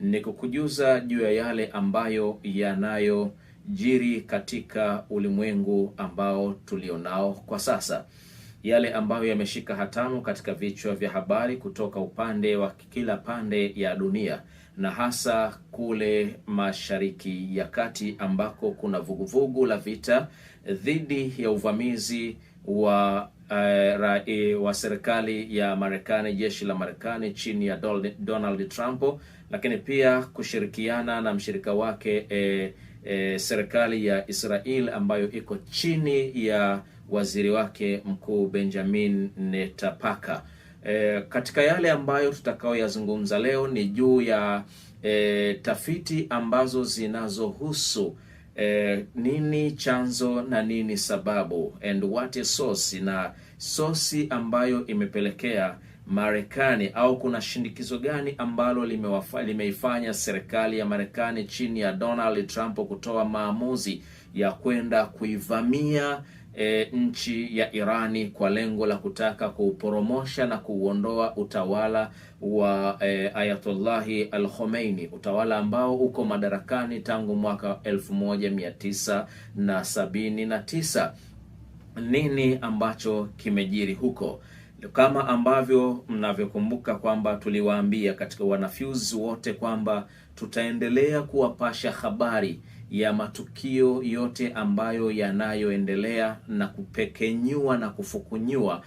ni kukujuza juu ya yale ambayo yanayojiri katika ulimwengu ambao tulionao kwa sasa, yale ambayo yameshika hatamu katika vichwa vya habari kutoka upande wa kila pande ya dunia na hasa kule Mashariki ya Kati ambako kuna vuguvugu la vita dhidi ya uvamizi wa uh, rai wa serikali ya Marekani, jeshi la Marekani chini ya Donald Trump, lakini pia kushirikiana na mshirika wake e, e, serikali ya Israel ambayo iko chini ya waziri wake mkuu Benjamin Netapaka. E, katika yale ambayo tutakaoyazungumza leo ni juu ya e, tafiti ambazo zinazohusu eh, nini chanzo na nini sababu, and what is source, na sosi ambayo imepelekea Marekani au kuna shindikizo gani ambalo limeifanya serikali ya Marekani chini ya Donald Trump kutoa maamuzi ya kwenda kuivamia e, nchi ya Irani kwa lengo la kutaka kuuporomosha na kuuondoa utawala wa e, Ayatullahi al-Khomeini, utawala ambao uko madarakani tangu mwaka 1979. Nini ambacho kimejiri huko? Kama ambavyo mnavyokumbuka kwamba tuliwaambia katika Wanafyuzi wote kwamba tutaendelea kuwapasha habari ya matukio yote ambayo yanayoendelea na kupekenyua na kufukunyua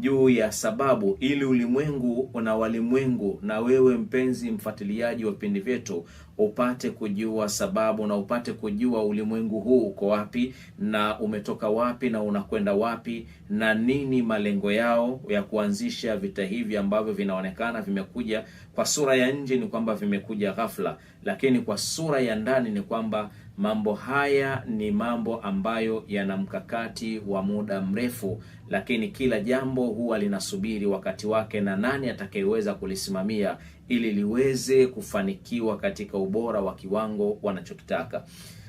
juu ya sababu, ili ulimwengu na walimwengu na wewe mpenzi mfuatiliaji wa vipindi vyetu upate kujua sababu na upate kujua ulimwengu huu uko wapi na umetoka wapi na unakwenda wapi na nini malengo yao ya kuanzisha vita hivi ambavyo vinaonekana vimekuja kwa sura ya nje ni kwamba vimekuja ghafla, lakini kwa sura ya ndani ni kwamba Mambo haya ni mambo ambayo yana mkakati wa muda mrefu, lakini kila jambo huwa linasubiri wakati wake na nani atakayeweza kulisimamia ili liweze kufanikiwa katika ubora wa kiwango wanachokitaka.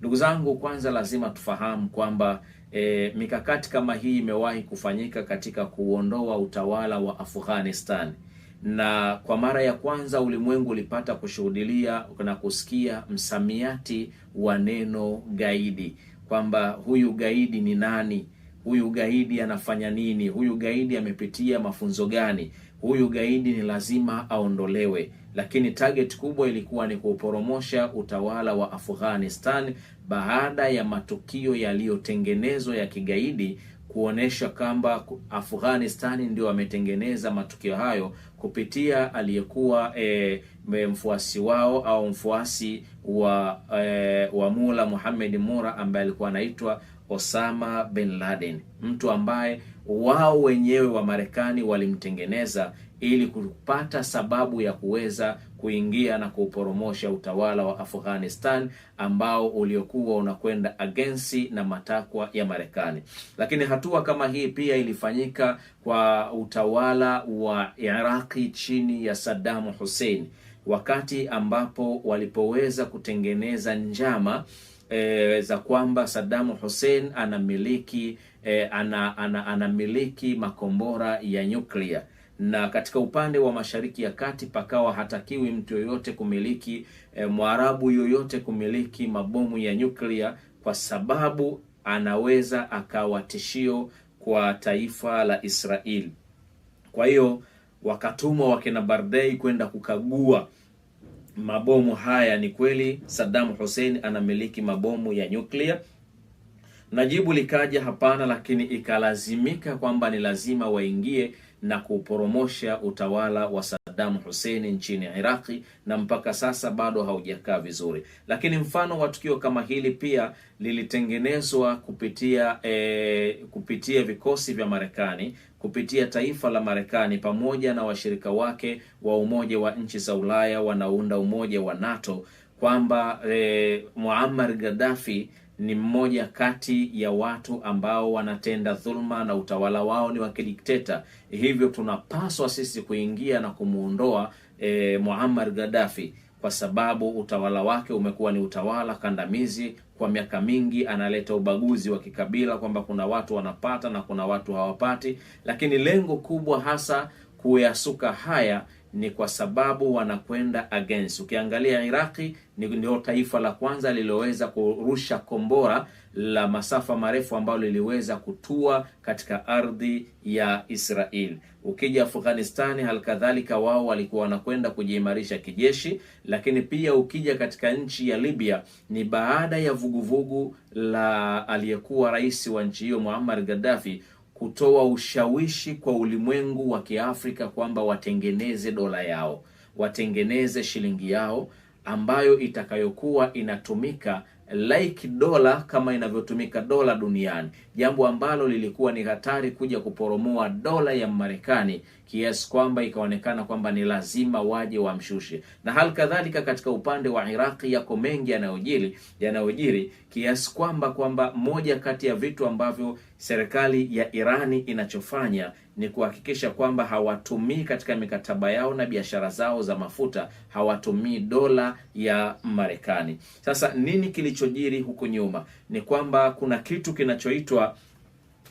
Ndugu zangu, kwanza lazima tufahamu kwamba e, mikakati kama hii imewahi kufanyika katika kuondoa utawala wa Afghanistan na kwa mara ya kwanza ulimwengu ulipata kushuhudilia na kusikia msamiati wa neno gaidi, kwamba huyu gaidi ni nani? Huyu gaidi anafanya nini? Huyu gaidi amepitia mafunzo gani? Huyu gaidi ni lazima aondolewe. Lakini target kubwa ilikuwa ni kuuporomosha utawala wa Afghanistan baada ya matukio yaliyotengenezwa ya kigaidi kuonesha kwamba Afghanistani ndio wametengeneza matukio hayo kupitia aliyekuwa e, mfuasi wao au mfuasi wa e, wa Mula Muhammad Mura ambaye alikuwa anaitwa Osama bin Laden, mtu ambaye wao wenyewe wa Marekani walimtengeneza ili kupata sababu ya kuweza kuingia na kuuporomosha utawala wa Afghanistan ambao uliokuwa unakwenda agensi na matakwa ya Marekani. Lakini hatua kama hii pia ilifanyika kwa utawala wa iraqi chini ya Saddam Hussein wakati ambapo walipoweza kutengeneza njama E, za kwamba Saddam Hussein anamiliki e, ana, ana, ana makombora ya nyuklia na katika upande wa Mashariki ya Kati pakawa hatakiwi mtu yoyote kumiliki e, Mwarabu yoyote kumiliki mabomu ya nyuklia kwa sababu anaweza akawa tishio kwa taifa la Israeli. Kwa hiyo wakatumwa wakina Bardei kwenda kukagua mabomu haya, ni kweli Saddam Hussein anamiliki mabomu ya nyuklia na jibu likaja hapana, lakini ikalazimika kwamba ni lazima waingie na kuporomosha utawala wa Saddam Hussein nchini Iraqi, na mpaka sasa bado haujakaa vizuri. Lakini mfano wa tukio kama hili pia lilitengenezwa kupitia e, kupitia vikosi vya Marekani kupitia taifa la Marekani pamoja na washirika wake wa Umoja wa Nchi za Ulaya wanaounda Umoja wa NATO kwamba e, Muammar Gaddafi ni mmoja kati ya watu ambao wanatenda dhuluma na utawala wao ni wa kidikteta. Hivyo tunapaswa sisi kuingia na kumwondoa e, Muammar Gaddafi kwa sababu utawala wake umekuwa ni utawala kandamizi kwa miaka mingi, analeta ubaguzi wa kikabila kwamba kuna watu wanapata na kuna watu hawapati, lakini lengo kubwa hasa kuyasuka haya ni kwa sababu wanakwenda against. Ukiangalia Iraqi ndio taifa la kwanza lililoweza kurusha kombora la masafa marefu ambalo liliweza kutua katika ardhi ya Israel. Ukija Afghanistani halikadhalika, wao walikuwa wanakwenda kujiimarisha kijeshi, lakini pia ukija katika nchi ya Libya ni baada ya vuguvugu la aliyekuwa rais wa nchi hiyo Muammar Gaddafi kutoa ushawishi kwa ulimwengu wa Kiafrika kwamba watengeneze dola yao, watengeneze shilingi yao ambayo itakayokuwa inatumika like dola kama inavyotumika dola duniani, jambo ambalo lilikuwa ni hatari kuja kuporomoa dola ya Marekani kiasi kwamba ikaonekana kwamba ni lazima waje wamshushe. Na hali kadhalika katika upande wa Iraqi yako mengi yanayojiri yanayojiri kiasi kwamba kwamba moja kati ya vitu ambavyo serikali ya Irani inachofanya ni kuhakikisha kwamba hawatumii katika mikataba yao na biashara zao za mafuta hawatumii dola ya Marekani. Sasa nini kilichojiri huko nyuma ni kwamba kuna kitu kinachoitwa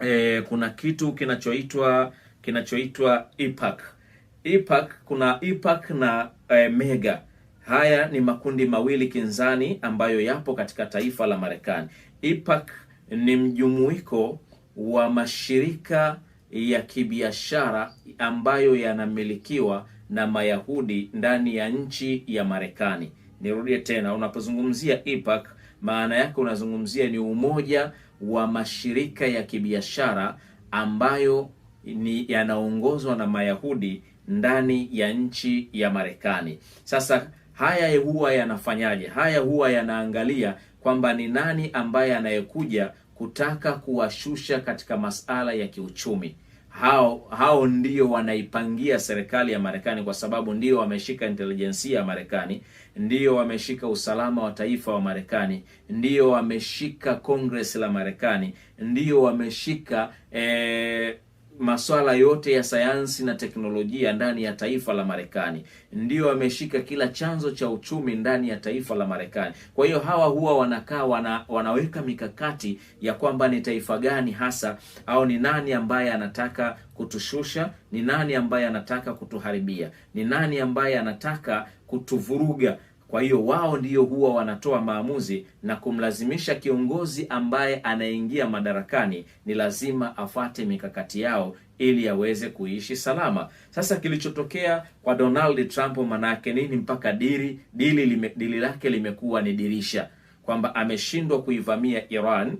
eh, kuna kitu kinachoitwa kinachoitwa IPAC. IPAC, kuna IPAC na eh, mega haya ni makundi mawili kinzani ambayo yapo katika taifa la Marekani. IPAC ni mjumuiko wa mashirika ya kibiashara ambayo yanamilikiwa na Mayahudi ndani ya nchi ya Marekani. Nirudie tena, unapozungumzia e AIPAC maana yake unazungumzia ni umoja wa mashirika ya kibiashara ambayo ni yanaongozwa na Mayahudi ndani ya nchi ya Marekani. Sasa haya huwa yanafanyaje? Haya huwa yanaangalia kwamba ni nani ambaye anayekuja kutaka kuwashusha katika masala ya kiuchumi. Hao hao ndio wanaipangia serikali ya Marekani kwa sababu ndio wameshika intelijensia ya Marekani, ndio wameshika usalama wa taifa wa Marekani, ndio wameshika kongres la Marekani, ndio wameshika eh, masuala yote ya sayansi na teknolojia ndani ya taifa la Marekani, ndio ameshika kila chanzo cha uchumi ndani ya taifa la Marekani. Kwa hiyo hawa huwa wanakaa wana, wanaweka mikakati ya kwamba ni taifa gani hasa au ni nani ambaye anataka kutushusha, ni nani ambaye anataka kutuharibia, ni nani ambaye anataka kutuvuruga kwa hiyo wao ndio huwa wanatoa maamuzi na kumlazimisha kiongozi ambaye anaingia madarakani ni lazima afate mikakati yao ili aweze kuishi salama. Sasa kilichotokea kwa Donald Trump manake nini? Mpaka dili dili, lime, dili lake limekuwa ni dirisha kwamba ameshindwa kuivamia Iran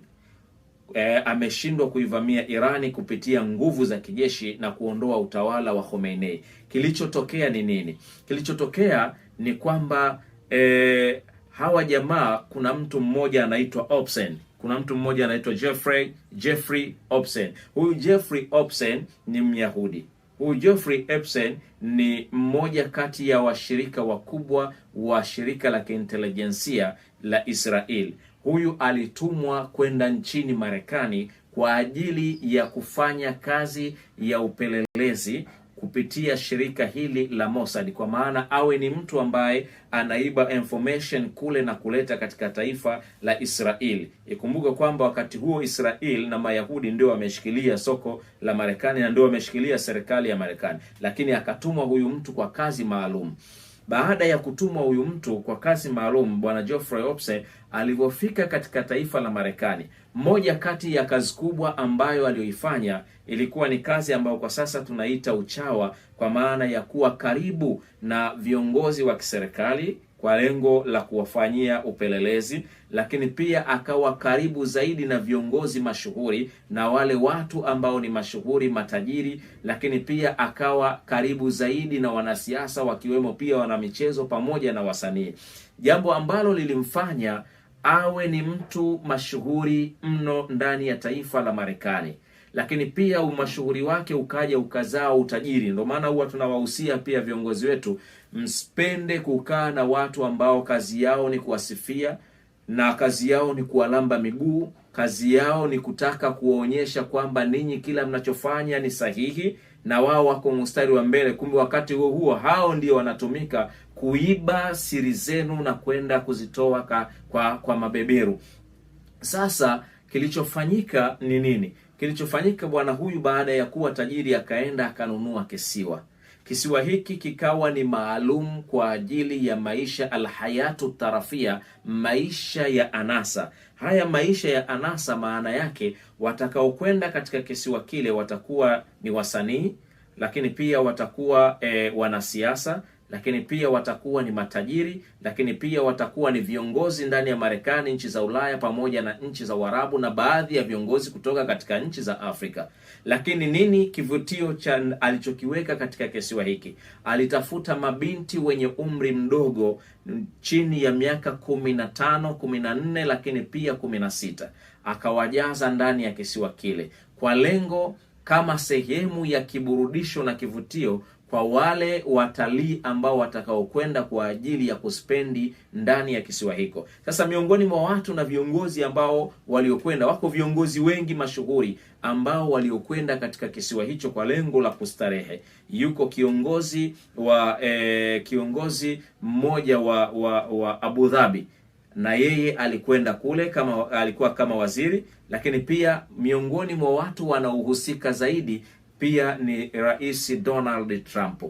E, ameshindwa kuivamia Irani kupitia nguvu za kijeshi na kuondoa utawala wa Khomeini. Kilichotokea ni nini? Kilichotokea ni kwamba e, hawa jamaa, kuna mtu mmoja anaitwa Hobson, kuna mtu mmoja anaitwa Jeffrey Jeffrey Hobson. Huyu Jeffrey opsen ni Myahudi. Huyu Jeffrey Epstein ni mmoja kati ya washirika wakubwa wa shirika la kiintelijensia la Israel. Huyu alitumwa kwenda nchini Marekani kwa ajili ya kufanya kazi ya upelelezi kupitia shirika hili la Mossad, kwa maana awe ni mtu ambaye anaiba information kule na kuleta katika taifa la Israel. Ikumbuke kwamba wakati huo Israel na Mayahudi ndio wameshikilia soko la Marekani na ndio wameshikilia serikali ya Marekani, lakini akatumwa huyu mtu kwa kazi maalum. Baada ya kutumwa huyu mtu kwa kazi maalum, bwana Geoffrey Opse alivyofika katika taifa la Marekani moja kati ya kazi kubwa ambayo aliyoifanya ilikuwa ni kazi ambayo kwa sasa tunaita uchawa, kwa maana ya kuwa karibu na viongozi wa kiserikali kwa lengo la kuwafanyia upelelezi, lakini pia akawa karibu zaidi na viongozi mashuhuri na wale watu ambao ni mashuhuri matajiri, lakini pia akawa karibu zaidi na wanasiasa, wakiwemo pia wanamichezo pamoja na wasanii, jambo ambalo lilimfanya awe ni mtu mashuhuri mno ndani ya taifa la Marekani, lakini pia umashuhuri wake ukaja ukazaa utajiri. Ndio maana huwa tunawahusia pia viongozi wetu, msipende kukaa na watu ambao kazi yao ni kuwasifia na kazi yao ni kuwalamba miguu, kazi yao ni kutaka kuwaonyesha kwamba ninyi kila mnachofanya ni sahihi na wao wako mstari wa mbele, kumbe wakati huo huo hao ndio wanatumika kuiba siri zenu na kwenda kuzitoa ka, kwa, kwa mabeberu. Sasa kilichofanyika ni nini? Kilichofanyika, bwana huyu baada ya kuwa tajiri akaenda akanunua kisiwa. Kisiwa hiki kikawa ni maalum kwa ajili ya maisha alhayatu tarafia, maisha ya anasa. Haya maisha ya anasa, maana yake watakaokwenda katika kisiwa kile watakuwa ni wasanii, lakini pia watakuwa e, wanasiasa lakini pia watakuwa ni matajiri, lakini pia watakuwa ni viongozi ndani ya Marekani, nchi za Ulaya pamoja na nchi za Uarabu na baadhi ya viongozi kutoka katika nchi za Afrika. Lakini nini kivutio cha alichokiweka katika kisiwa hiki? Alitafuta mabinti wenye umri mdogo mm, chini ya miaka kumi na tano, kumi na nne, lakini pia kumi na sita, akawajaza ndani ya kisiwa kile kwa lengo kama sehemu ya kiburudisho na kivutio kwa wale watalii ambao watakaokwenda kwa ajili ya kuspendi ndani ya kisiwa hiko. Sasa miongoni mwa watu na viongozi ambao waliokwenda, wako viongozi wengi mashuhuri ambao waliokwenda katika kisiwa hicho kwa lengo la kustarehe. Yuko kiongozi wa eh, kiongozi mmoja wa, wa, wa Abu Dhabi na yeye alikwenda kule kama alikuwa kama waziri, lakini pia miongoni mwa watu wanaohusika zaidi pia ni Rais Donald Trump,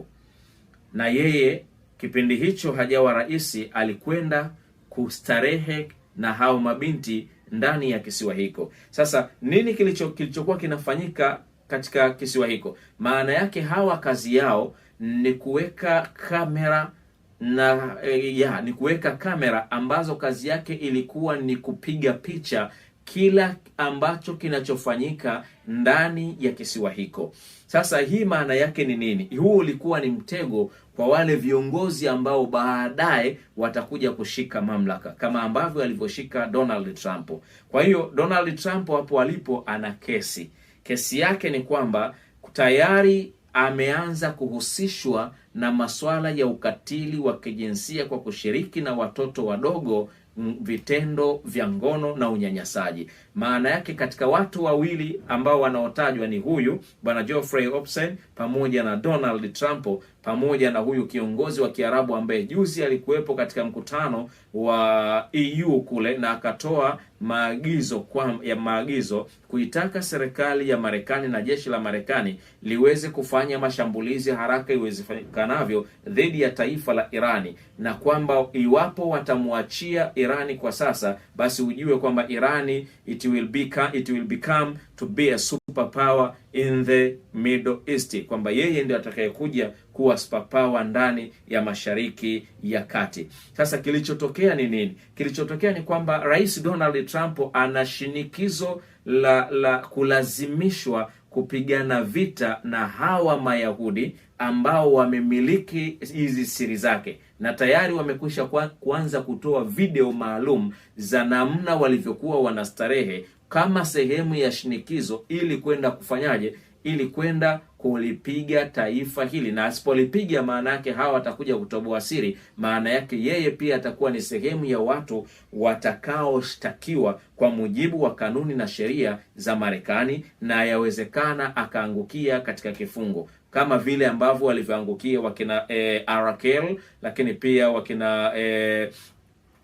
na yeye kipindi hicho hajawa rais, alikwenda kustarehe na hao mabinti ndani ya kisiwa hiko. Sasa nini kilicho kilichokuwa kinafanyika katika kisiwa hiko? Maana yake hawa kazi yao ni kuweka kamera na eh, ya, ni kuweka kamera ambazo kazi yake ilikuwa ni kupiga picha kila ambacho kinachofanyika ndani ya kisiwa hiko. Sasa hii maana yake ni nini? Huu ulikuwa ni mtego kwa wale viongozi ambao baadaye watakuja kushika mamlaka kama ambavyo alivyoshika Donald Trump. Kwa hiyo Donald Trump hapo alipo ana kesi. Kesi yake ni kwamba tayari ameanza kuhusishwa na masuala ya ukatili wa kijinsia kwa kushiriki na watoto wadogo vitendo vya ngono na unyanyasaji. Maana yake katika watu wawili ambao wanaotajwa ni huyu bwana Geoffrey Opsen pamoja na Donald Trump pamoja na huyu kiongozi wa Kiarabu ambaye juzi alikuwepo katika mkutano wa EU kule na akatoa maagizo kwa ya maagizo kuitaka serikali ya Marekani na jeshi la Marekani liweze kufanya mashambulizi haraka iwezekanavyo dhidi ya taifa la Irani na kwamba iwapo watamwachia Irani kwa sasa, basi ujue kwamba Irani it will it will become to be a superpower in the Middle East, kwamba yeye ndio atakayekuja kuwa superpower ndani ya Mashariki ya Kati. Sasa kilichotokea ni nini? Kilichotokea ni kwamba Rais Donald Trump ana shinikizo la, la kulazimishwa kupigana vita na hawa Mayahudi ambao wamemiliki hizi siri zake na tayari wamekwisha kuanza kutoa video maalum za namna walivyokuwa wanastarehe kama sehemu ya shinikizo, ili kwenda kufanyaje, ili kwenda kulipiga taifa hili, na asipolipiga maana yake hawa watakuja kutoboa siri. Maana yake yeye pia atakuwa ni sehemu ya watu watakaoshtakiwa kwa mujibu wa kanuni na sheria za Marekani, na yawezekana akaangukia katika kifungo kama vile ambavyo walivyoangukia wakina eh, Arakel, lakini pia wakina eh,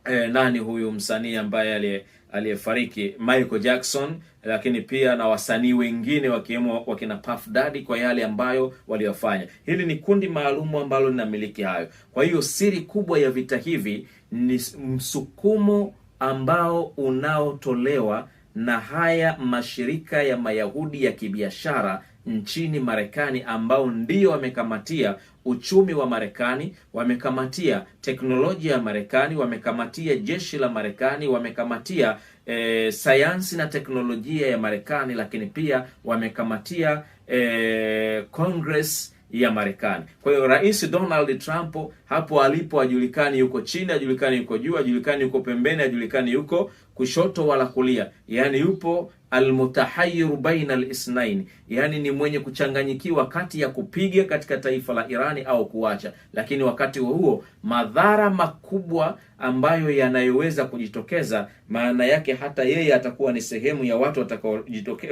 eh, nani huyu msanii ambaye aliyefariki Michael Jackson, lakini pia na wasanii wengine wakiwemo wakina Puff Daddy kwa yale ambayo waliyofanya. Hili ni kundi maalumu ambalo linamiliki hayo. Kwa hiyo siri kubwa ya vita hivi ni msukumo ambao unaotolewa na haya mashirika ya Mayahudi ya kibiashara nchini Marekani ambao ndio wamekamatia uchumi wa Marekani, wamekamatia teknolojia ya Marekani, wamekamatia jeshi la Marekani, wamekamatia e, sayansi na teknolojia ya Marekani, lakini pia wamekamatia e, Congress ya Marekani. Kwa hiyo Rais Donald Trump hapo alipo ajulikani yuko chini, ajulikani yuko juu, ajulikani yuko pembeni, ajulikani yuko kushoto wala kulia, yaani yupo almutahayiru baina alisnaini yaani ni mwenye kuchanganyikiwa kati ya kupiga katika taifa la Irani au kuacha. Lakini wakati huo huo, madhara makubwa ambayo yanayoweza kujitokeza, maana yake hata yeye atakuwa ni sehemu ya watu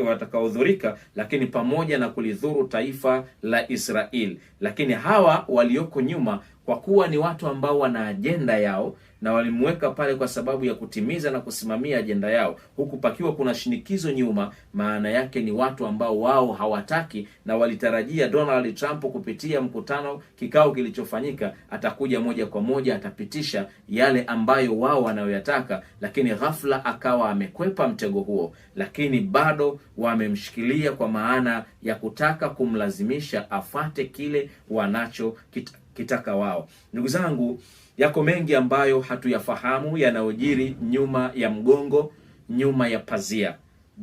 watakaodhurika, lakini pamoja na kulidhuru taifa la Israeli. Lakini hawa walioko nyuma, kwa kuwa ni watu ambao wana ajenda yao na walimweka pale kwa sababu ya kutimiza na kusimamia ajenda yao, huku pakiwa kuna shinikizo nyuma, maana yake ni watu ambao wao ambao hawataki na walitarajia Donald Trump kupitia mkutano kikao kilichofanyika atakuja moja kwa moja atapitisha yale ambayo wao wanayoyataka, lakini ghafla akawa amekwepa mtego huo, lakini bado wamemshikilia kwa maana ya kutaka kumlazimisha afate kile wanacho kitaka wao. Ndugu zangu, yako mengi ambayo hatuyafahamu yanayojiri nyuma ya mgongo, nyuma ya pazia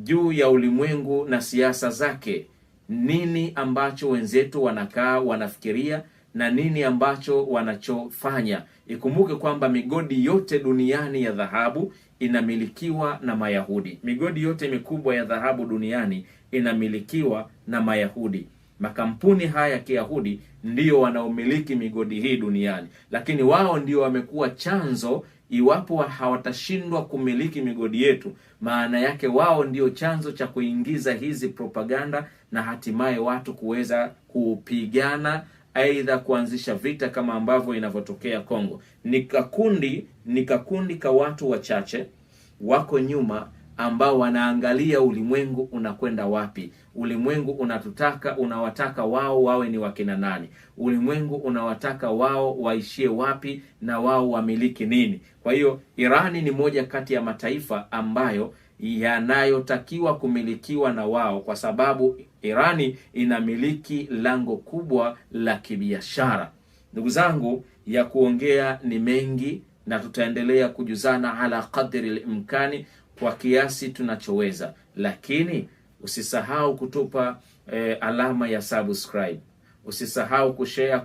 juu ya ulimwengu na siasa zake, nini ambacho wenzetu wanakaa wanafikiria na nini ambacho wanachofanya. Ikumbuke kwamba migodi yote duniani ya dhahabu inamilikiwa na Mayahudi. Migodi yote mikubwa ya dhahabu duniani inamilikiwa na Mayahudi. Makampuni haya ya Kiyahudi ndiyo wanaomiliki migodi hii duniani, lakini wao ndio wamekuwa chanzo Iwapo hawatashindwa kumiliki migodi yetu, maana yake wao ndio chanzo cha kuingiza hizi propaganda na hatimaye watu kuweza kupigana, aidha kuanzisha vita kama ambavyo inavyotokea Kongo. Ni kakundi ni kakundi ka watu wachache wako nyuma ambao wanaangalia ulimwengu unakwenda wapi, ulimwengu unatutaka unawataka wao wawe ni wakina nani, ulimwengu unawataka wao waishie wapi na wao wamiliki nini. Kwa hiyo Irani ni moja kati ya mataifa ambayo yanayotakiwa kumilikiwa na wao, kwa sababu Irani inamiliki lango kubwa la kibiashara. Ndugu zangu, ya kuongea ni mengi na tutaendelea kujuzana ala kadri limkani kwa kiasi tunachoweza, lakini usisahau kutupa eh, alama ya subscribe, usisahau kushare.